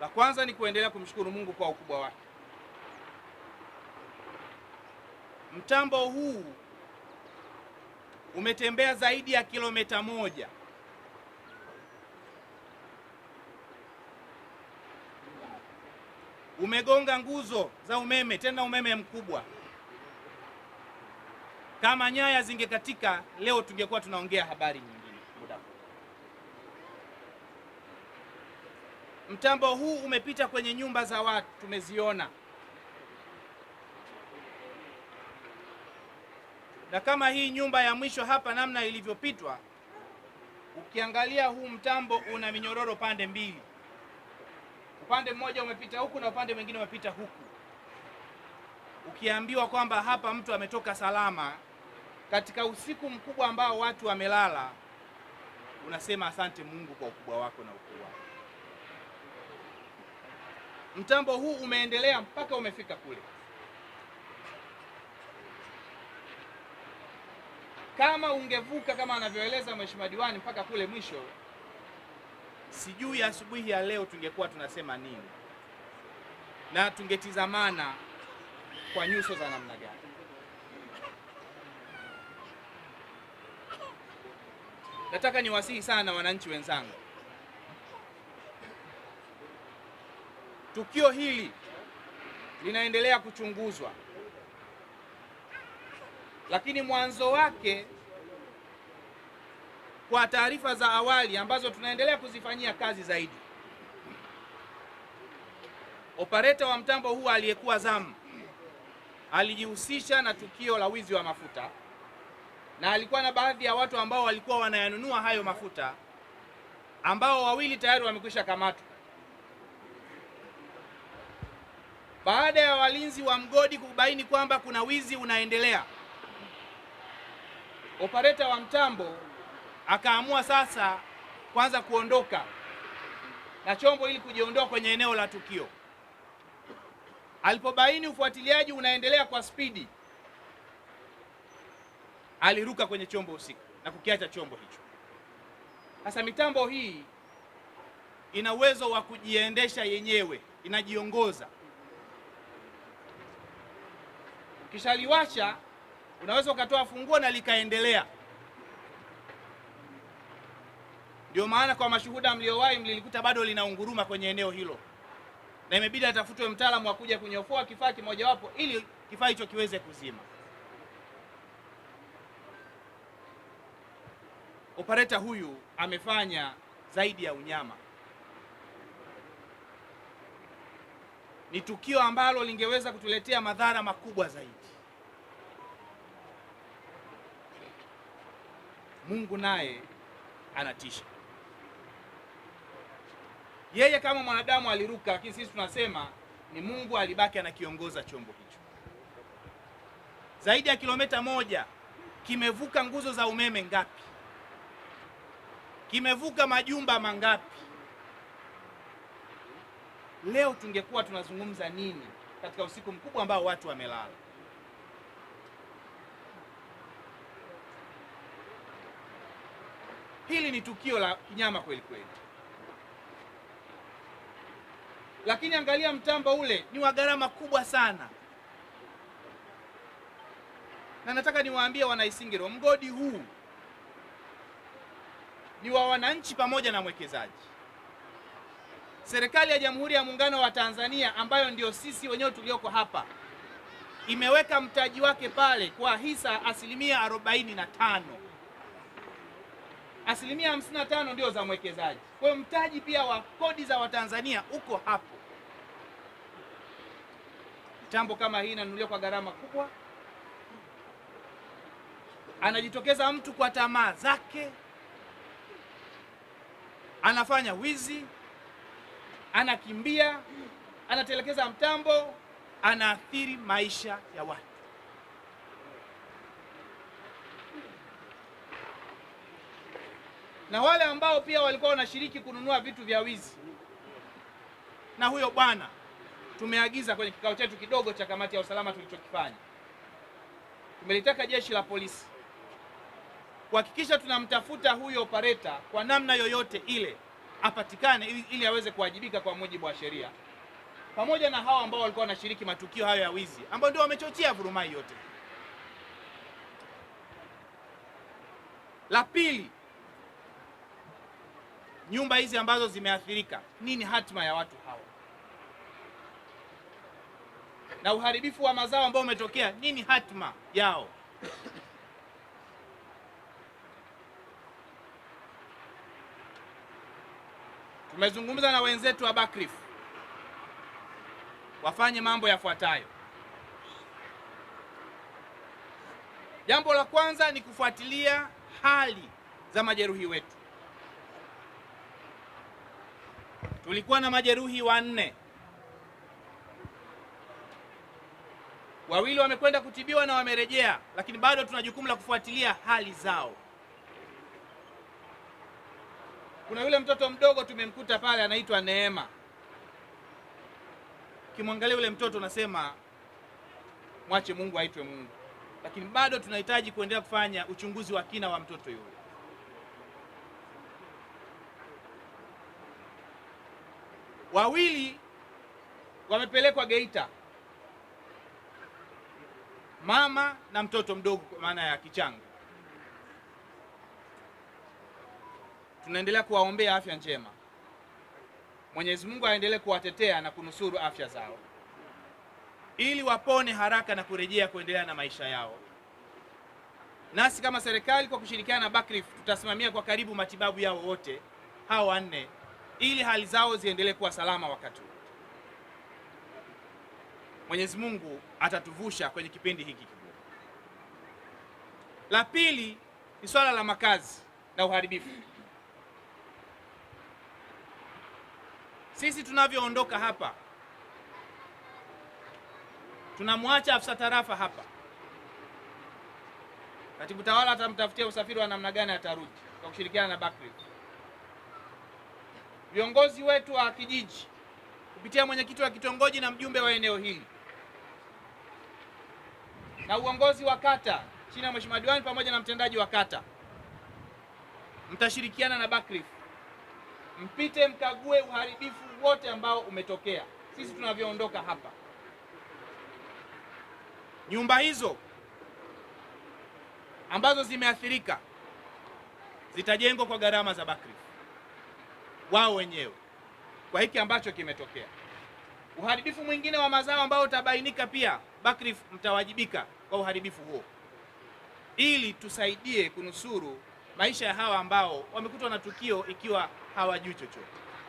La kwanza ni kuendelea kumshukuru Mungu kwa ukubwa wake. Mtambo huu umetembea zaidi ya kilomita moja umegonga nguzo za umeme, tena umeme mkubwa. Kama nyaya zingekatika leo tungekuwa tunaongea habari nyingi. Mtambo huu umepita kwenye nyumba za watu, tumeziona, na kama hii nyumba ya mwisho hapa namna ilivyopitwa, ukiangalia huu mtambo una minyororo pande mbili, upande mmoja umepita huku na upande mwingine umepita huku. Ukiambiwa kwamba hapa mtu ametoka salama katika usiku mkubwa ambao watu wamelala, unasema asante Mungu kwa ukubwa wako na ukuu wako. Mtambo huu umeendelea mpaka umefika kule. Kama ungevuka kama anavyoeleza mheshimiwa diwani mpaka kule mwisho, sijui asubuhi ya leo tungekuwa tunasema nini na tungetizamana kwa nyuso za namna gani? Nataka niwasihi sana wananchi wenzangu Tukio hili linaendelea kuchunguzwa, lakini mwanzo wake kwa taarifa za awali ambazo tunaendelea kuzifanyia kazi zaidi, opareta wa mtambo huu aliyekuwa zamu alijihusisha na tukio la wizi wa mafuta na alikuwa na baadhi ya watu ambao walikuwa wanayanunua hayo mafuta ambao wawili tayari wamekwisha kamatwa. Baada ya walinzi wa mgodi kubaini kwamba kuna wizi unaendelea, opareta wa mtambo akaamua sasa kwanza kuondoka na chombo ili kujiondoa kwenye eneo la tukio. Alipobaini ufuatiliaji unaendelea kwa spidi, aliruka kwenye chombo usiku na kukiacha chombo hicho. Sasa mitambo hii ina uwezo wa kujiendesha yenyewe, inajiongoza. kisha unaweza ukatoa funguo na likaendelea. Ndio maana kwa mashuhuda mliowahi, mlilikuta bado linaunguruma kwenye eneo hilo, na imebidi atafutwe mtaalamu wa kuja kunyofoa kifaa kimojawapo ili kifaa hicho kiweze kuzima. Opareta huyu amefanya zaidi ya unyama. ni tukio ambalo lingeweza kutuletea madhara makubwa zaidi. Mungu naye anatisha. Yeye kama mwanadamu aliruka, lakini sisi tunasema ni Mungu alibaki anakiongoza chombo hicho. Zaidi ya kilomita moja kimevuka nguzo za umeme ngapi? Kimevuka majumba mangapi? leo tungekuwa tunazungumza nini katika usiku mkubwa ambao watu wamelala? Hili ni tukio la kinyama kweli kweli, lakini angalia mtambo ule ni wa gharama kubwa sana, na nataka niwaambie Wanaisingiro, mgodi huu ni wa wananchi pamoja na mwekezaji. Serikali ya Jamhuri ya Muungano wa Tanzania ambayo ndio sisi wenyewe tulioko hapa imeweka mtaji wake pale kwa hisa asilimia arobaini na tano asilimia hamsini na tano ndio za mwekezaji. Kwa hiyo mtaji pia wa kodi za Watanzania uko hapo. Mitambo kama hii inanunuliwa kwa gharama kubwa, anajitokeza mtu kwa tamaa zake, anafanya wizi anakimbia, anatelekeza mtambo, anaathiri maisha ya watu. Na wale ambao pia walikuwa wanashiriki kununua vitu vya wizi na huyo bwana, tumeagiza kwenye kikao chetu kidogo cha kamati ya usalama tulichokifanya, tumelitaka jeshi la polisi kuhakikisha tunamtafuta huyo opareta kwa namna yoyote ile apatikane ili, ili aweze kuwajibika kwa mujibu wa sheria, pamoja na hao ambao walikuwa wanashiriki matukio hayo ya wizi ambao ndio wamechochea vurumai yote. La pili, nyumba hizi ambazo zimeathirika, nini hatima ya watu hawa Na uharibifu wa mazao ambao umetokea, nini hatima yao? Tumezungumza na wenzetu wa Bakrif wafanye mambo yafuatayo. Jambo la kwanza ni kufuatilia hali za majeruhi wetu. Tulikuwa na majeruhi wanne, wawili wamekwenda kutibiwa na wamerejea, lakini bado tuna jukumu la kufuatilia hali zao. Kuna yule mtoto mdogo tumemkuta pale anaitwa Neema. Ukimwangalia yule mtoto unasema mwache Mungu aitwe Mungu, lakini bado tunahitaji kuendelea kufanya uchunguzi wa kina wa mtoto yule. Wawili wamepelekwa Geita, mama na mtoto mdogo, kwa maana ya kichanga tunaendelea kuwaombea afya njema. Mwenyezi Mungu aendelee kuwatetea na kunusuru afya zao ili wapone haraka na kurejea kuendelea na maisha yao. Nasi kama serikali kwa kushirikiana na BAKRIF tutasimamia kwa karibu matibabu yao wote hao wanne ili hali zao ziendelee kuwa salama wakati huu. Mwenyezi Mungu atatuvusha kwenye kipindi hiki kigumu. La pili ni swala la makazi na uharibifu. Sisi tunavyoondoka hapa, tunamwacha afisa tarafa hapa, katibu tawala atamtafutia usafiri wa namna gani atarudi kwa kushirikiana na Bakri. Viongozi wetu wa kijiji kupitia mwenyekiti wa kitongoji na mjumbe wa eneo hili na uongozi wa kata chini ya mheshimiwa diwani pamoja na mtendaji wa kata mtashirikiana na BAKRIT mpite mkague uharibifu wote ambao umetokea. Sisi tunavyoondoka hapa, nyumba hizo ambazo zimeathirika zitajengwa kwa gharama za BAKRIF wao wenyewe kwa hiki ambacho kimetokea. Uharibifu mwingine wa mazao ambao utabainika pia, BAKRIF mtawajibika kwa uharibifu huo, ili tusaidie kunusuru maisha ya hawa ambao wamekutwa na tukio ikiwa hawajui chochote.